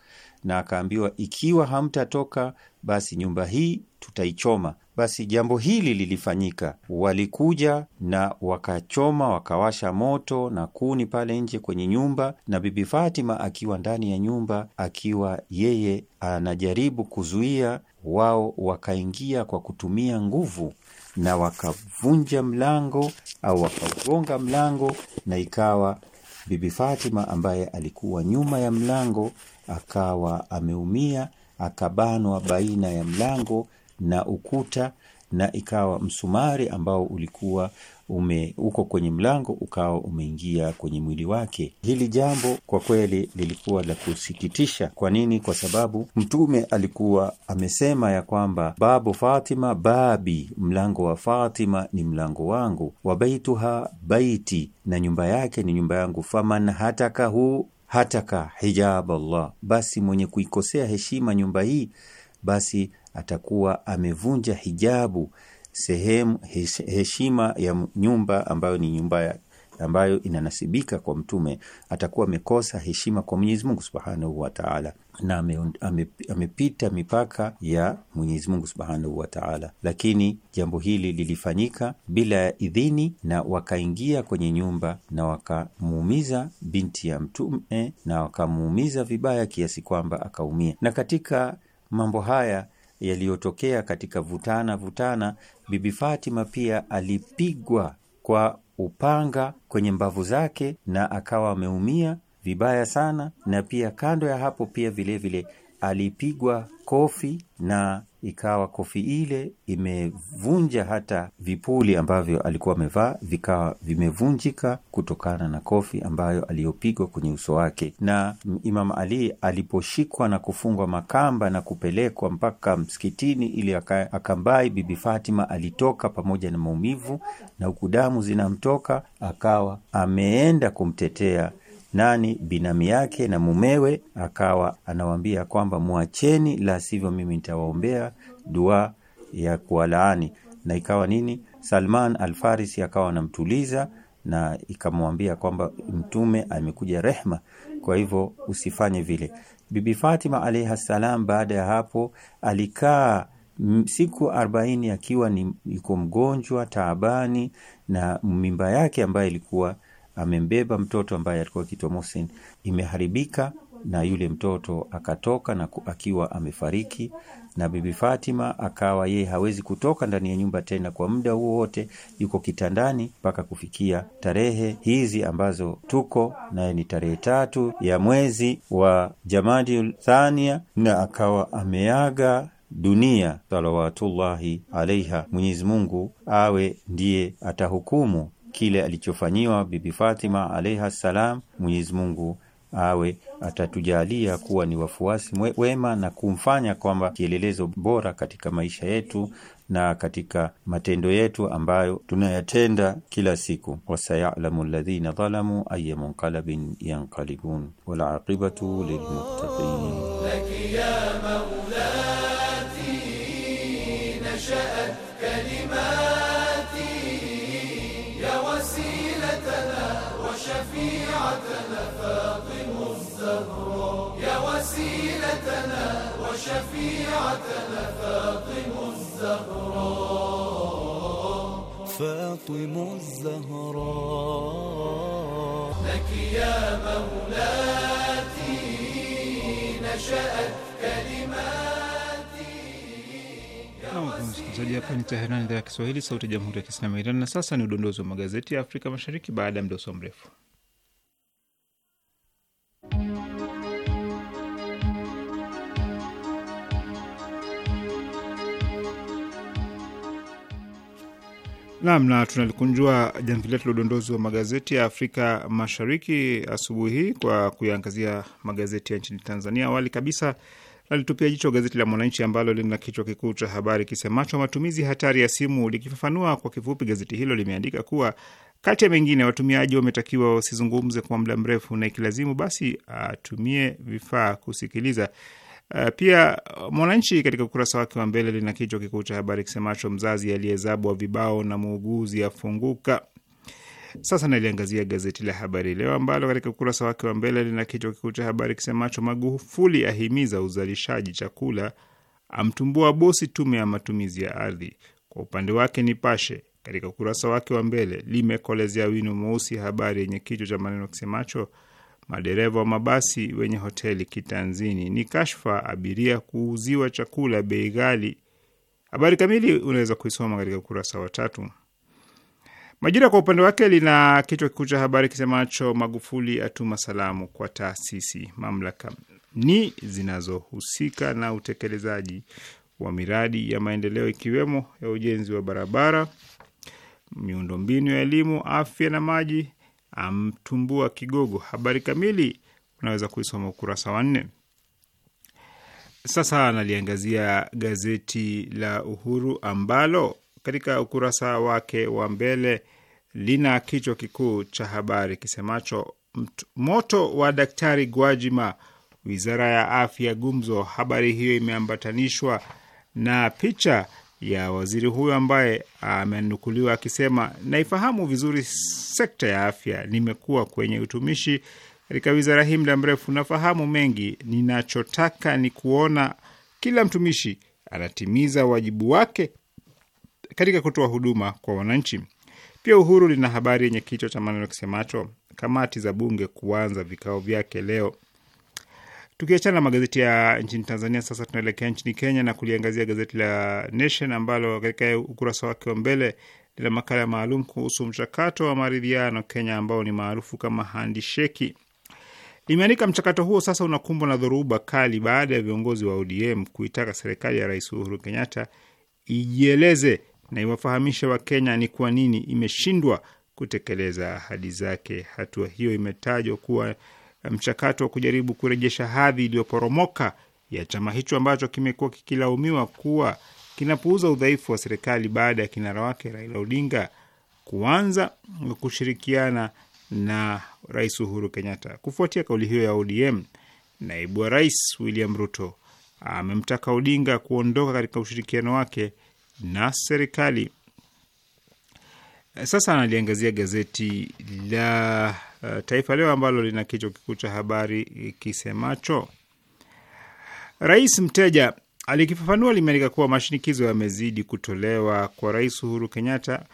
na akaambiwa ikiwa hamtatoka basi nyumba hii tutaichoma. Basi jambo hili lilifanyika, walikuja na wakachoma, wakawasha moto na kuni pale nje kwenye nyumba, na Bibi Fatima akiwa ndani ya nyumba, akiwa yeye anajaribu kuzuia, wao wakaingia kwa kutumia nguvu na wakavunja mlango au wakaugonga mlango, na ikawa Bibi Fatima ambaye alikuwa nyuma ya mlango akawa ameumia akabanwa baina ya mlango na ukuta na ikawa msumari ambao ulikuwa ume uko kwenye mlango ukawa umeingia kwenye mwili wake. Hili jambo kwa kweli lilikuwa la kusikitisha. Kwa nini? Kwa sababu Mtume alikuwa amesema ya kwamba babu Fatima babi, mlango wa Fatima ni mlango wangu, wa baituha baiti, na nyumba yake ni nyumba yangu, faman hatakahu hataka hijab Allah, basi mwenye kuikosea heshima nyumba hii, basi atakuwa amevunja hijabu, sehemu heshima ya nyumba ambayo ni nyumba ya ambayo inanasibika kwa mtume atakuwa amekosa heshima kwa Mwenyezi Mungu Subhanahu wa Ta'ala na amepita ame mipaka ya Mwenyezi Mungu Subhanahu wa Ta'ala. Lakini jambo hili lilifanyika bila ya idhini, na wakaingia kwenye nyumba na wakamuumiza binti ya mtume na wakamuumiza vibaya kiasi kwamba akaumia. Na katika mambo haya yaliyotokea katika vutana vutana, Bibi Fatima pia alipigwa kwa upanga kwenye mbavu zake na akawa ameumia vibaya sana, na pia kando ya hapo pia vilevile vile alipigwa kofi na ikawa kofi ile imevunja hata vipuli ambavyo alikuwa amevaa vikawa vimevunjika kutokana na kofi ambayo aliyopigwa kwenye uso wake. Na Imam Ali aliposhikwa na kufungwa makamba na kupelekwa mpaka msikitini ili akambai, Bibi Fatima alitoka pamoja na maumivu na huku damu zinamtoka, akawa ameenda kumtetea nani binamu yake na mumewe, akawa anawambia kwamba mwacheni, la sivyo mimi nitawaombea dua ya kuwalaani. Na ikawa nini, Salman Alfarisi akawa anamtuliza na ikamwambia kwamba mtume amekuja rehma, kwa hivyo usifanye vile. Bibi Fatima alaihi salam, baada ya hapo alikaa siku arobaini akiwa ni iko mgonjwa taabani, na mimba yake ambayo ilikuwa amembeba mtoto ambaye alikuwa kitwa Muhsin, imeharibika na yule mtoto akatoka na akiwa amefariki, na Bibi Fatima akawa yeye hawezi kutoka ndani ya nyumba tena kwa muda huo wote, yuko kitandani mpaka kufikia tarehe hizi ambazo tuko naye, ni tarehe tatu ya mwezi wa Jamadi Thania, na akawa ameaga dunia salawatullahi alaiha. Mwenyezi Mungu awe ndiye atahukumu kile alichofanyiwa Bibi Fatima alaiha ssalam, Mwenyezi Mungu awe atatujalia kuwa ni wafuasi wema na kumfanya kwamba kielelezo bora katika maisha yetu na katika matendo yetu ambayo tunayatenda kila siku. wasayalamu ladhina dhalamu aya munqalabin yanqalibun walaqibatu lilmuttaqin وشفيعتنا فاطم الزهراء فاطم الزهراء لك يا مولاتي نشأت Msikilizaji, hapa ni Teherani, idhaa ya Kiswahili, sauti ya jamhuri ya kiislamu ya Iran. Na sasa ni udondozi wa magazeti ya Afrika Mashariki baada ya mdoso mrefu. Nam na tunalikunjua jamvi letu la udondozi wa magazeti ya Afrika Mashariki asubuhi hii kwa kuyaangazia magazeti ya nchini Tanzania. Awali kabisa nalitupia jicho gazeti la Mwananchi ambalo lina kichwa kikuu cha habari kisemacho matumizi hatari ya simu. Likifafanua kwa kifupi, gazeti hilo limeandika kuwa kati ya mengine, watumiaji wametakiwa wasizungumze kwa muda mrefu na ikilazimu basi atumie vifaa kusikiliza Uh, pia Mwananchi katika ukurasa wake wa mbele lina kichwa kikuu cha habari kisemacho mzazi aliyezabwa vibao na muuguzi afunguka. Sasa naliangazia gazeti la Habari Leo ambalo katika ukurasa wake wa mbele lina kichwa kikuu cha habari kisemacho Magufuli ahimiza uzalishaji chakula, amtumbua bosi tume ya matumizi ya ardhi. Kwa upande wake Nipashe katika ukurasa wake wa mbele limekolezea wino mweusi habari yenye kichwa cha maneno kisemacho madereva wa mabasi wenye hoteli kitanzini. Ni kashfa abiria kuuziwa chakula bei ghali. Habari kamili unaweza kuisoma katika ukurasa wa tatu. Majira kwa upande wake lina kichwa kikuu cha habari kisemacho Magufuli atuma salamu kwa taasisi, mamlaka ni zinazohusika na utekelezaji wa miradi ya maendeleo ikiwemo ya ujenzi wa barabara, miundombinu ya elimu, afya na maji amtumbua kigogo. Habari kamili unaweza kuisoma ukurasa wa nne. Sasa analiangazia gazeti la Uhuru ambalo katika ukurasa wake wa mbele lina kichwa kikuu cha habari kisemacho moto wa daktari Gwajima, wizara ya afya gumzo. Habari hiyo imeambatanishwa na picha ya waziri huyo ambaye amenukuliwa akisema, naifahamu vizuri sekta ya afya, nimekuwa kwenye utumishi katika wizara hii muda mrefu, nafahamu mengi. Ninachotaka ni kuona kila mtumishi anatimiza wajibu wake katika kutoa huduma kwa wananchi. Pia Uhuru lina habari yenye kichwa cha maneno kisemacho kamati za bunge kuanza vikao vyake leo. Tukiachana na magazeti ya nchini Tanzania, sasa tunaelekea nchini Kenya na kuliangazia gazeti la Nation ambalo katika ukurasa wake wa mbele lina makala maalum kuhusu mchakato wa maridhiano Kenya ambao ni maarufu kama handisheki. Limeandika mchakato huo sasa unakumbwa na dhoruba kali baada ya viongozi wa ODM kuitaka serikali ya Rais Uhuru Kenyatta ijieleze na iwafahamishe Wakenya ni kwa nini imeshindwa kutekeleza ahadi zake. Hatua hiyo imetajwa kuwa mchakato wa kujaribu kurejesha hadhi iliyoporomoka ya chama hicho ambacho kimekuwa kikilaumiwa kuwa kinapuuza udhaifu wa serikali baada ya kinara wake Raila Odinga kuanza kushirikiana na Rais Uhuru Kenyatta. Kufuatia kauli hiyo ya ODM, naibu wa rais William Ruto amemtaka Odinga kuondoka katika ushirikiano wake na serikali. Sasa analiangazia gazeti la Eh, Taifa Leo ambalo lina kichwa kikuu cha habari kisemacho Rais Mteja alikifafanua limeandika kuwa mashinikizo yamezidi kutolewa kwa Rais Uhuru Kenyatta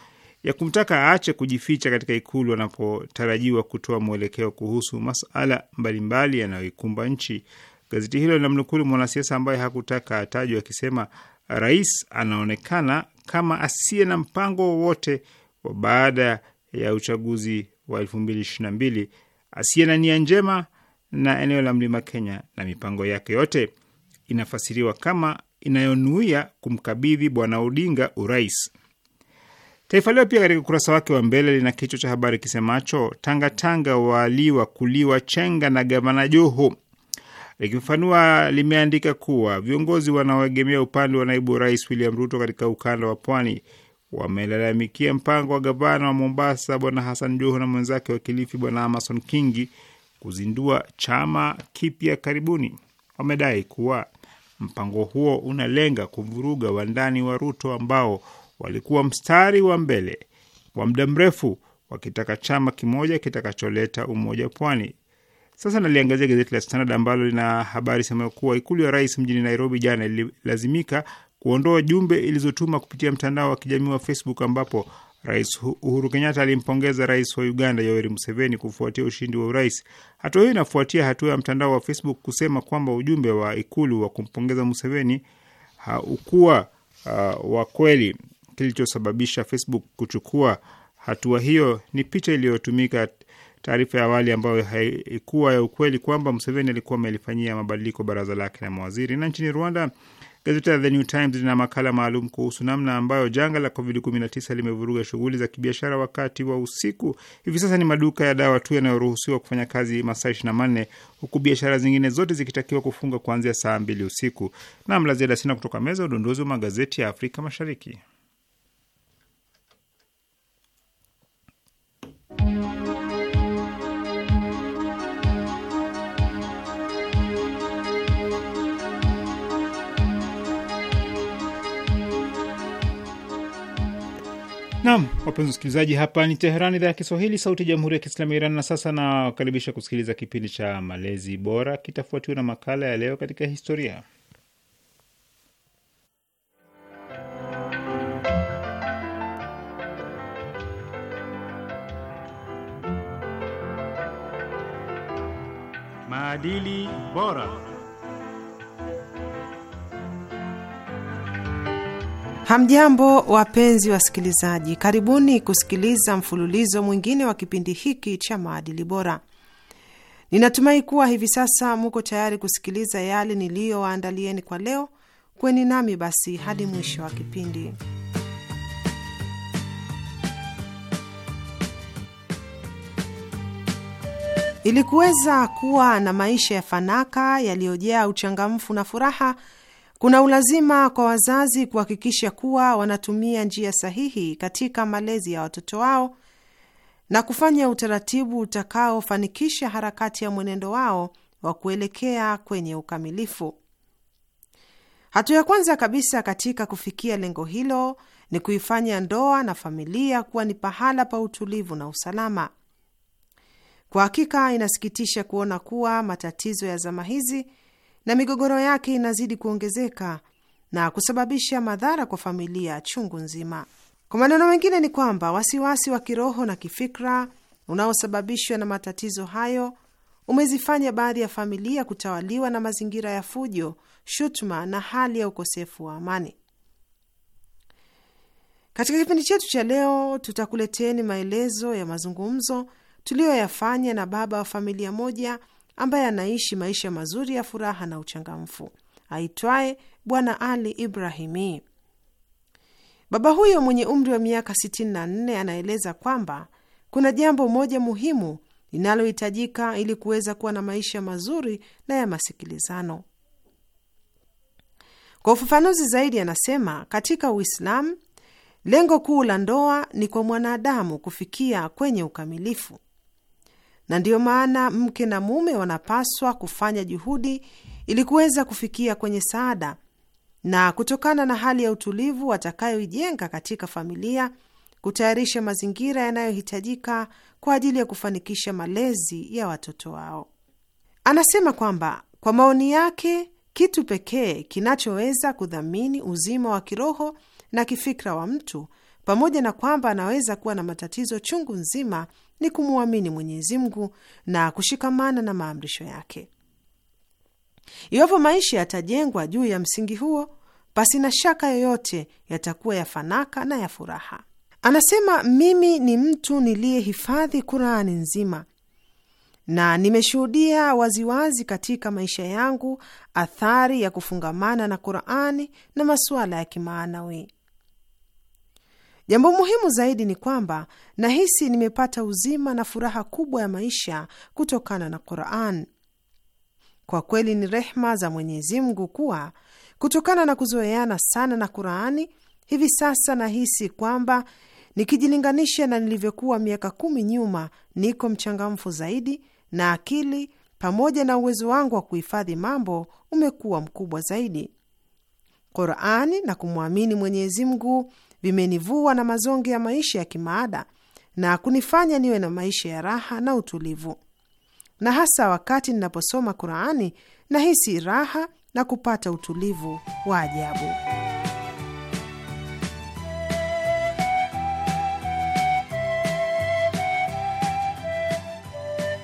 ya kumtaka aache kujificha katika Ikulu anapotarajiwa kutoa mwelekeo kuhusu masala mbalimbali yanayoikumba nchi. Gazeti hilo linamnukulu mwanasiasa ambaye hakutaka atajwe akisema, rais anaonekana kama asiye na mpango wowote wa baada ya uchaguzi wa 2022 asiye na nia njema na eneo la mlima Kenya na mipango yake yote inafasiriwa kama inayonuia kumkabidhi Bwana Odinga urais. Taifa Leo pia katika ukurasa wake wa mbele lina kichwa cha habari kisemacho Tangatanga waliwa kuliwa chenga na gavana Joho. Likifafanua, limeandika kuwa viongozi wanaoegemea upande wa naibu rais William Ruto katika ukanda wa pwani wamelalamikia mpango wa gavana wa Mombasa Bwana Hassan Joho na mwenzake wa Kilifi Bwana Amason Kingi kuzindua chama kipya karibuni. Wamedai kuwa mpango huo unalenga kuvuruga wandani wa Ruto ambao walikuwa mstari wa mbele kwa muda mrefu wakitaka chama kimoja kitakacholeta umoja pwani. Sasa naliangazia gazeti la Standard ambalo lina habari sema kuwa ikulu ya rais mjini Nairobi jana ililazimika kuondoa jumbe ilizotuma kupitia mtandao wa kijamii wa Facebook ambapo Rais Uhuru Kenyatta alimpongeza rais wa Uganda Yoweri Museveni kufuatia ushindi wa urais. Hatua hiyo inafuatia hatua ya mtandao wa Facebook kusema kwamba ujumbe wa ikulu wa kumpongeza Museveni haukuwa uh, wa kweli. Kilichosababisha Facebook kuchukua hatua hiyo ni picha iliyotumika, taarifa ya awali ambayo haikuwa ya ukweli, kwamba Museveni alikuwa amelifanyia mabadiliko baraza lake la mawaziri. Na nchini Rwanda Gazeti la The New Times lina makala maalum kuhusu namna ambayo janga la COVID-19 limevuruga shughuli za kibiashara wakati wa usiku. Hivi sasa ni maduka ya dawa tu yanayoruhusiwa kufanya kazi masaa 24 huku biashara zingine zote zikitakiwa kufunga kuanzia saa mbili usiku. Nam la ziada sina kutoka meza udondozi wa magazeti ya Afrika Mashariki. Nam, wapenzi wasikilizaji, hapa ni Teheran, idhaa ya Kiswahili, sauti ya jamhuri ya kiislamu ya Iran. Na sasa nawakaribisha kusikiliza kipindi cha malezi bora, kitafuatiwa na makala ya leo katika historia. Maadili bora. Hamjambo, wapenzi wasikilizaji, karibuni kusikiliza mfululizo mwingine wa kipindi hiki cha maadili bora. Ninatumai kuwa hivi sasa muko tayari kusikiliza yale niliyowaandalieni kwa leo. Kweni nami basi hadi mwisho wa kipindi. Ili kuweza kuwa na maisha ya fanaka yaliyojaa uchangamfu na furaha kuna ulazima kwa wazazi kuhakikisha kuwa wanatumia njia sahihi katika malezi ya watoto wao na kufanya utaratibu utakaofanikisha harakati ya mwenendo wao wa kuelekea kwenye ukamilifu. Hatua ya kwanza kabisa katika kufikia lengo hilo ni kuifanya ndoa na familia kuwa ni pahala pa utulivu na usalama. Kwa hakika, inasikitisha kuona kuwa matatizo ya zama hizi na migogoro yake inazidi kuongezeka na kusababisha madhara kwa familia chungu nzima. Kwa maneno mengine, ni kwamba wasiwasi wa kiroho na kifikra unaosababishwa na matatizo hayo umezifanya baadhi ya familia kutawaliwa na mazingira ya fujo, shutuma na hali ya ukosefu wa amani. Katika kipindi chetu cha leo, tutakuleteni maelezo ya mazungumzo tuliyoyafanya na baba wa familia moja ambaye anaishi maisha mazuri ya furaha na uchangamfu aitwaye Bwana Ali Ibrahimi. Baba huyo mwenye umri wa miaka 64 anaeleza kwamba kuna jambo moja muhimu linalohitajika ili kuweza kuwa na maisha mazuri na ya masikilizano. Kwa ufafanuzi zaidi, anasema katika Uislamu lengo kuu la ndoa ni kwa mwanadamu kufikia kwenye ukamilifu na ndiyo maana mke na mume wanapaswa kufanya juhudi ili kuweza kufikia kwenye saada, na kutokana na hali ya utulivu watakayoijenga katika familia kutayarisha mazingira yanayohitajika kwa ajili ya kufanikisha malezi ya watoto wao. Anasema kwamba kwa maoni yake, kitu pekee kinachoweza kudhamini uzima wa kiroho na kifikra wa mtu, pamoja na kwamba anaweza kuwa na matatizo chungu nzima ni kumwamini Mwenyezi Mungu na kushikamana na maamrisho yake. Iwapo maisha yatajengwa juu ya msingi huo, basi na shaka yoyote yatakuwa ya fanaka na ya furaha. Anasema, mimi ni mtu niliyehifadhi Kurani nzima na nimeshuhudia waziwazi katika maisha yangu athari ya kufungamana na Qurani na masuala ya kimaanawi. Jambo muhimu zaidi ni kwamba nahisi nimepata uzima na furaha kubwa ya maisha kutokana na Quran. Kwa kweli ni rehma za Mwenyezi Mungu kuwa kutokana na kuzoeana sana na Qurani, hivi sasa nahisi kwamba nikijilinganisha na nilivyokuwa miaka kumi nyuma, niko mchangamfu zaidi na akili pamoja na uwezo wangu wa kuhifadhi mambo umekuwa mkubwa zaidi. Qurani na kumwamini Mwenyezi Mungu vimenivua na mazonge ya maisha ya kimaada na kunifanya niwe na maisha ya raha na utulivu, na hasa wakati ninaposoma Qurani nahisi raha na kupata utulivu wa ajabu.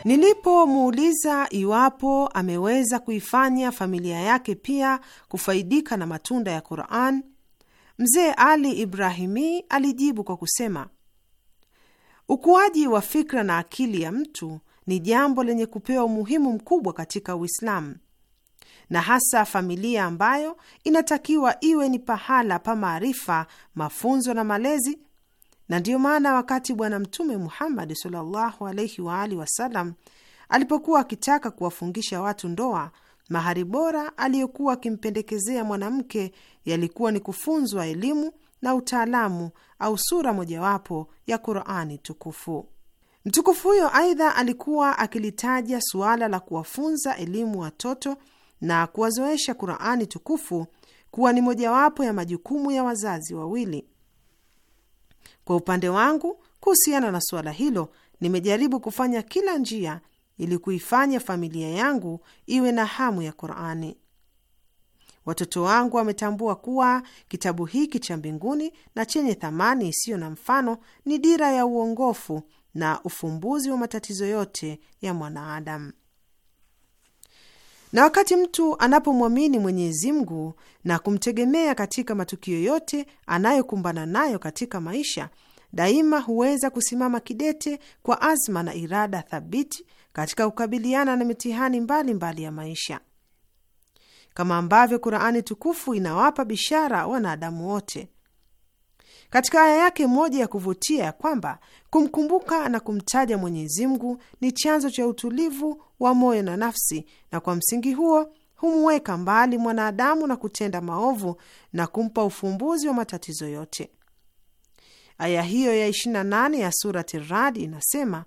Nilipomuuliza iwapo ameweza kuifanya familia yake pia kufaidika na matunda ya Quran, Mzee Ali Ibrahimi alijibu kwa kusema, ukuaji wa fikra na akili ya mtu ni jambo lenye kupewa umuhimu mkubwa katika Uislamu na hasa familia ambayo inatakiwa iwe ni pahala pa maarifa, mafunzo na malezi. Na ndiyo maana wakati Bwana Mtume Muhammad sallallahu alaihi waalihi wasalam alipokuwa akitaka kuwafungisha watu ndoa Mahari bora aliyokuwa akimpendekezea mwanamke yalikuwa ni kufunzwa elimu na utaalamu au sura mojawapo ya Qurani tukufu. Mtukufu huyo aidha alikuwa akilitaja suala la kuwafunza elimu watoto na kuwazoesha Qurani tukufu kuwa ni mojawapo ya majukumu ya wazazi wawili. Kwa upande wangu, kuhusiana na suala hilo, nimejaribu kufanya kila njia ili kuifanya familia yangu iwe na hamu ya Qurani. Watoto wangu wametambua kuwa kitabu hiki cha mbinguni na chenye thamani isiyo na mfano ni dira ya uongofu na ufumbuzi wa matatizo yote ya mwanaadamu. Na wakati mtu anapomwamini Mwenyezi Mungu na kumtegemea katika matukio yote anayokumbana nayo katika maisha, daima huweza kusimama kidete kwa azma na irada thabiti katika kukabiliana na mitihani mbalimbali mbali ya maisha, kama ambavyo Qurani tukufu inawapa bishara wanadamu wote katika aya yake moja ya kuvutia ya kwamba kumkumbuka na kumtaja Mwenyezi Mungu ni chanzo cha utulivu wa moyo na nafsi, na kwa msingi huo humweka mbali mwanadamu na kutenda maovu na kumpa ufumbuzi wa matatizo yote. Aya hiyo ya 28 ya surati Rad inasema,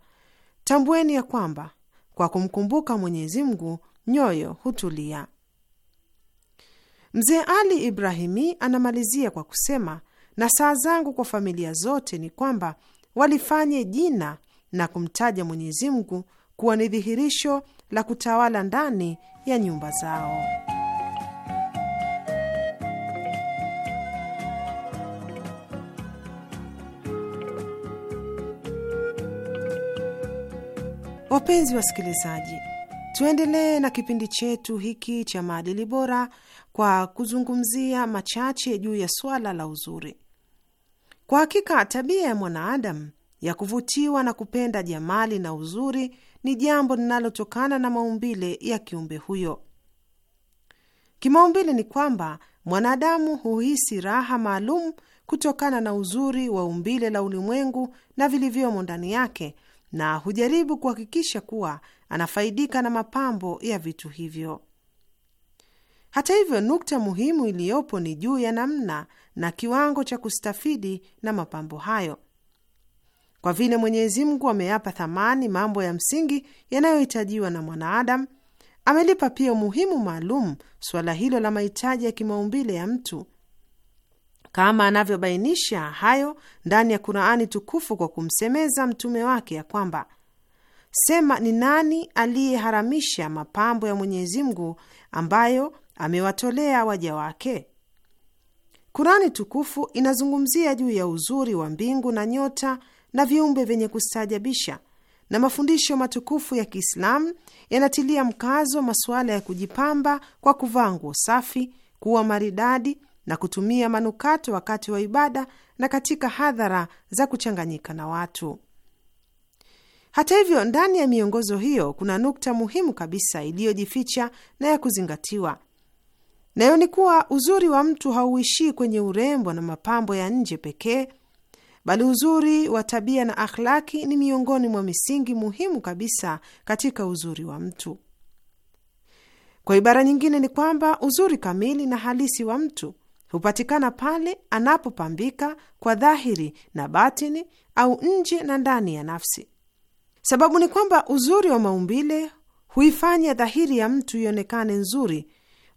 tambueni ya kwamba kwa kumkumbuka Mwenyezi Mungu nyoyo hutulia. Mzee Ali Ibrahimi anamalizia kwa kusema, na saa zangu kwa familia zote ni kwamba walifanye jina na kumtaja Mwenyezi Mungu kuwa ni dhihirisho la kutawala ndani ya nyumba zao. Wapenzi wasikilizaji, tuendelee na kipindi chetu hiki cha maadili bora kwa kuzungumzia machache juu ya swala la uzuri. Kwa hakika tabia ya mwanaadamu ya kuvutiwa na kupenda jamali na uzuri ni jambo linalotokana na maumbile ya kiumbe huyo. Kimaumbile ni kwamba mwanadamu huhisi raha maalum kutokana na uzuri wa umbile la ulimwengu na vilivyomo ndani yake, na hujaribu kuhakikisha kuwa anafaidika na mapambo ya vitu hivyo. Hata hivyo, nukta muhimu iliyopo ni juu ya namna na kiwango cha kustafidi na mapambo hayo, kwa vile Mwenyezi Mungu ameyapa thamani mambo ya msingi yanayohitajiwa na mwanaadamu. Amelipa pia umuhimu maalum suala hilo la mahitaji ya kimaumbile ya mtu kama anavyobainisha hayo ndani ya Qurani tukufu kwa kumsemeza mtume wake ya kwamba Sema, ni nani aliyeharamisha mapambo ya Mwenyezi Mungu ambayo amewatolea waja wake? Kurani tukufu inazungumzia juu ya uzuri wa mbingu na nyota na viumbe vyenye kustaajabisha, na mafundisho matukufu ya Kiislamu yanatilia mkazo masuala ya kujipamba kwa kuvaa nguo safi, kuwa maridadi na kutumia manukato wakati wa ibada na katika hadhara za kuchanganyika na watu. Hata hivyo, ndani ya miongozo hiyo kuna nukta muhimu kabisa iliyojificha na ya kuzingatiwa, nayo ni kuwa uzuri wa mtu hauishii kwenye urembo na mapambo ya nje pekee, bali uzuri wa tabia na akhlaki ni miongoni mwa misingi muhimu kabisa katika uzuri wa mtu. Kwa ibara nyingine, ni kwamba uzuri kamili na halisi wa mtu hupatikana pale anapopambika kwa dhahiri na batini au nje na ndani ya nafsi. Sababu ni kwamba uzuri wa maumbile huifanya dhahiri ya mtu ionekane nzuri,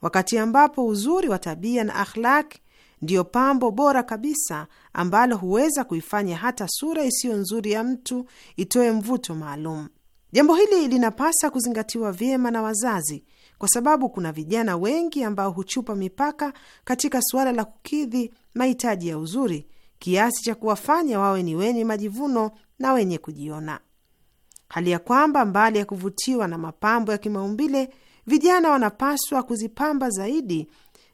wakati ambapo uzuri wa tabia na akhlaki ndiyo pambo bora kabisa ambalo huweza kuifanya hata sura isiyo nzuri ya mtu itoe mvuto maalum. Jambo hili linapasa kuzingatiwa vyema na wazazi kwa sababu kuna vijana wengi ambao huchupa mipaka katika suala la kukidhi mahitaji ya uzuri kiasi cha kuwafanya wawe ni wenye majivuno na wenye kujiona, hali ya kwamba mbali ya kuvutiwa na mapambo ya kimaumbile, vijana wanapaswa kuzipamba zaidi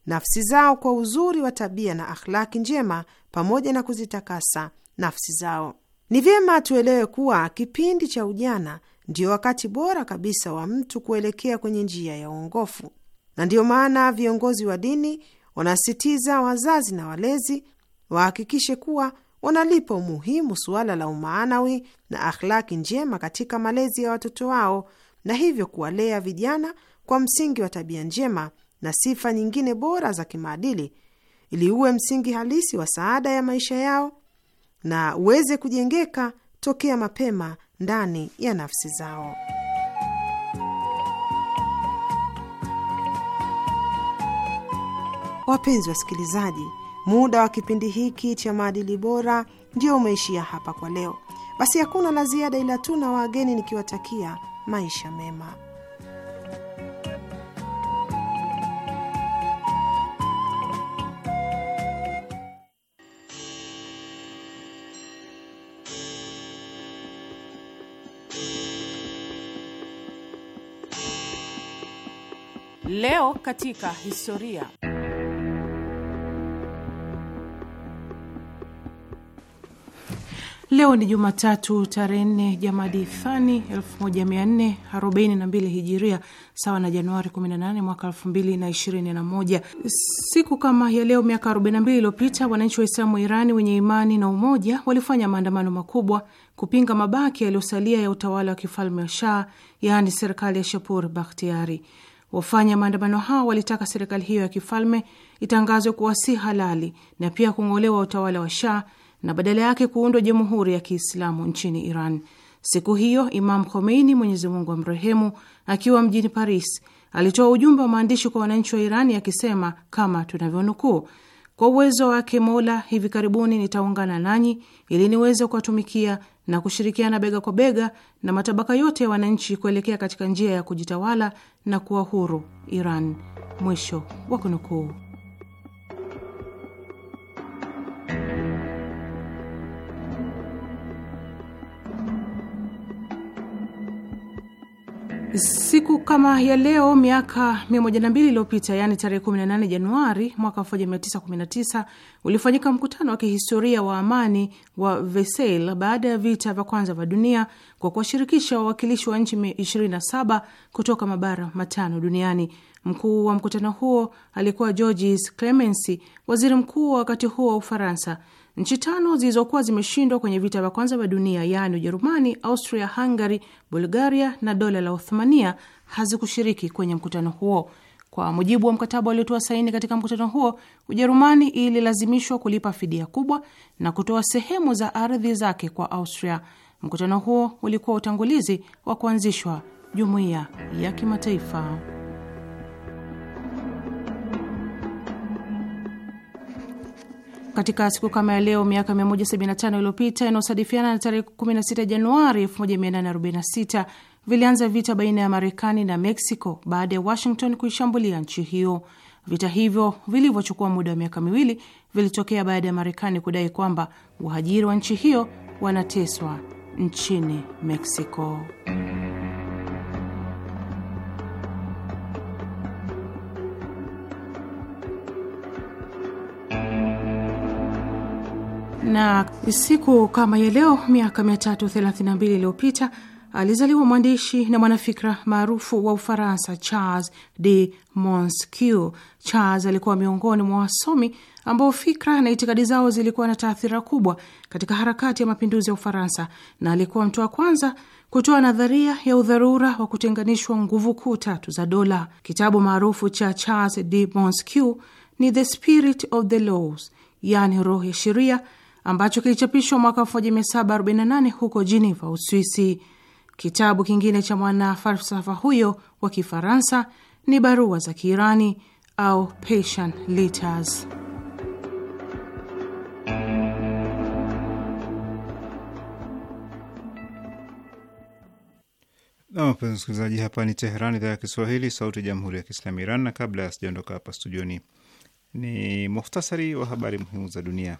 nafsi zao kwa uzuri wa tabia na akhlaki njema, pamoja na kuzitakasa nafsi zao. Ni vyema tuelewe kuwa kipindi cha ujana ndio wakati bora kabisa wa mtu kuelekea kwenye njia ya uongofu, na ndiyo maana viongozi wa dini wanasisitiza wazazi na walezi wahakikishe kuwa wanalipa umuhimu suala la umaanawi na akhlaki njema katika malezi ya watoto wao, na hivyo kuwalea vijana kwa msingi wa tabia njema na sifa nyingine bora za kimaadili, ili uwe msingi halisi wa saada ya maisha yao na uweze kujengeka tokea mapema ndani ya nafsi zao. Wapenzi wasikilizaji, muda wa kipindi hiki cha maadili bora ndio umeishia hapa kwa leo. Basi hakuna la ziada, ila tu na wageni nikiwatakia maisha mema. Leo katika historia. Leo ni Jumatatu tarehe nne Jamadi Thani 1442 Hijiria, sawa na Januari 18 mwaka 2021. Siku kama ya leo miaka 42 iliyopita, wananchi wa islamu wa Irani wenye imani na umoja walifanya maandamano makubwa kupinga mabaki yaliyosalia ya utawala wa kifalme wa Shah, yaani serikali ya Shapur Bakhtiari. Wafanya maandamano hao walitaka serikali hiyo ya kifalme itangazwe kuwa si halali na pia kung'olewa utawala wa Shah na badala yake kuundwa jamhuri ya Kiislamu nchini Iran. Siku hiyo Imam Khomeini, Mwenyezi Mungu amrehemu, akiwa mjini Paris alitoa ujumbe wa maandishi kwa wananchi wa Irani akisema kama tunavyonukuu: kwa uwezo wake Mola, hivi karibuni nitaungana nanyi ili niweze kuwatumikia na kushirikiana bega kwa bega na matabaka yote ya wananchi kuelekea katika njia ya kujitawala na kuwa huru Iran. Mwisho wa kunukuu. Siku kama ya leo miaka 102 iliyopita, yaani tarehe 18 Januari mwaka 1919 ulifanyika mkutano wa kihistoria wa amani wa Versailles baada ya vita vya kwanza vya dunia kwa kuwashirikisha wawakilishi wa nchi 27 kutoka mabara matano duniani. Mkuu wa mkutano huo alikuwa Georges Clemenceau, waziri mkuu wa wakati huo wa Ufaransa. Nchi tano zilizokuwa zimeshindwa kwenye vita vya kwanza vya dunia, yaani Ujerumani, Austria Hungary, Bulgaria na dola la Uthmania hazikushiriki kwenye mkutano huo. Kwa mujibu wa mkataba waliotoa saini katika mkutano huo, Ujerumani ililazimishwa kulipa fidia kubwa na kutoa sehemu za ardhi zake kwa Austria. Mkutano huo ulikuwa utangulizi wa kuanzishwa jumuiya ya kimataifa. katika siku kama ya leo miaka 175 iliyopita inayosadifiana na tarehe 16 Januari 1846 vilianza vita baina ya Marekani na Mexico baada ya Washington kuishambulia nchi hiyo. Vita hivyo vilivyochukua muda wa miaka miwili vilitokea baada ya Marekani kudai kwamba wahajiri wa nchi hiyo wanateswa nchini Mexico. Na siku kama ya leo miaka 332 iliyopita alizaliwa mwandishi na mwanafikra maarufu wa Ufaransa Charles de Montesquieu. Charles alikuwa miongoni mwa wasomi ambao fikra na itikadi zao zilikuwa na taathira kubwa katika harakati ya mapinduzi ya Ufaransa, na alikuwa mtu wa kwanza kutoa nadharia ya udharura wa kutenganishwa nguvu kuu tatu za dola. Kitabu maarufu cha Charles de Montesquieu ni The Spirit of the Laws, yaani roho ya sheria ambacho kilichapishwa mwaka 1748 huko Geneva, Uswisi. Kitabu kingine cha mwana falsafa huyo wa Kifaransa ni barua za Kiirani au Persian Letters. Mpenzi msikilizaji, hapa ni Teheran, idhaa ya Kiswahili, sauti ya jamhuri ya kiislamu Iran. Na kabla ya sijaondoka hapa studioni, ni muhtasari wa habari muhimu za dunia.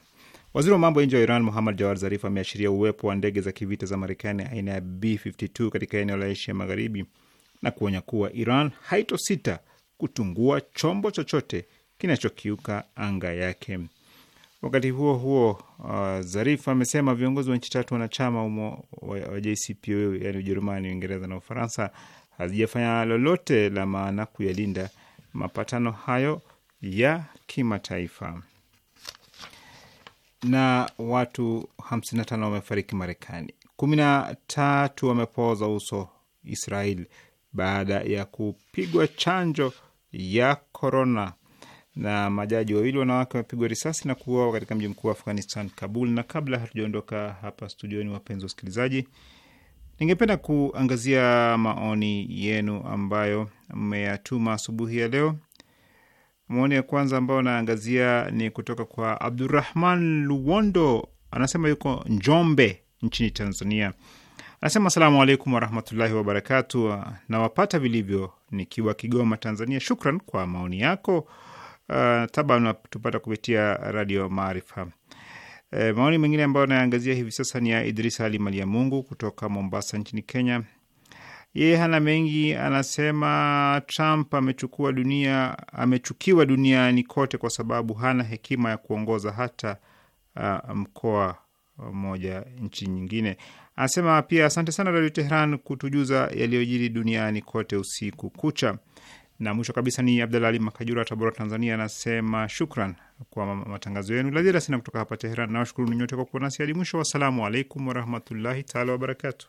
Waziri wa mambo ya nje wa Iran Muhammad Jawad Zarif ameashiria uwepo wa ndege za kivita za Marekani aina ya B52 katika eneo la Asia Magharibi na kuonya kuwa Iran haitosita kutungua chombo chochote kinachokiuka anga yake. Wakati huo huo, uh, Zarif amesema viongozi wa nchi tatu wanachama wa JCPOA yani Ujerumani, Uingereza na Ufaransa hazijafanya lolote la maana kuyalinda mapatano hayo ya kimataifa na watu 55 wamefariki Marekani, 13 wamepooza uso Israel baada ya kupigwa chanjo ya korona, na majaji wawili wanawake wamepigwa risasi na kuuawa katika mji mkuu wa Afghanistan, Kabul. Na kabla hatujaondoka hapa studioni, wapenzi wa usikilizaji, ningependa kuangazia maoni yenu ambayo mmeyatuma asubuhi ya leo Maoni ya kwanza ambayo anaangazia ni kutoka kwa Abdurahman Luwondo, anasema yuko Njombe nchini Tanzania. Anasema asalamu alaikum warahmatullahi wabarakatu, nawapata vilivyo nikiwa Kigoma, Tanzania. Shukran kwa maoni yako. Uh, taba natupata kupitia Radio Maarifa. E, maoni mengine ambayo anayangazia hivi sasa ni ya Idrisa Ali mungu kutoka Mombasa nchini Kenya. Yeye hana mengi, anasema Trump amechukua dunia, amechukiwa duniani kote kwa sababu hana hekima ya kuongoza hata uh, mkoa moja nchi nyingine. Anasema pia asante sana Radio Tehran kutujuza yaliyojiri duniani kote usiku kucha. Na mwisho kabisa ni Abdulali Makajura, Tabora, Tanzania, anasema shukran kwa matangazo yenu. La ziada sina kutoka hapa Teheran. Nawashukuru ninyote kwa kuwa nasi hadi mwisho. Wassalamu alaikum warahmatullahi taala wabarakatu.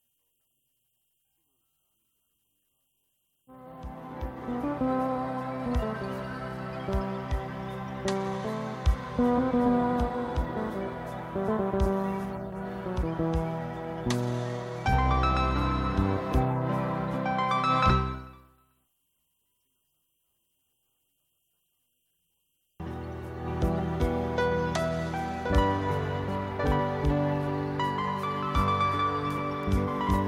you.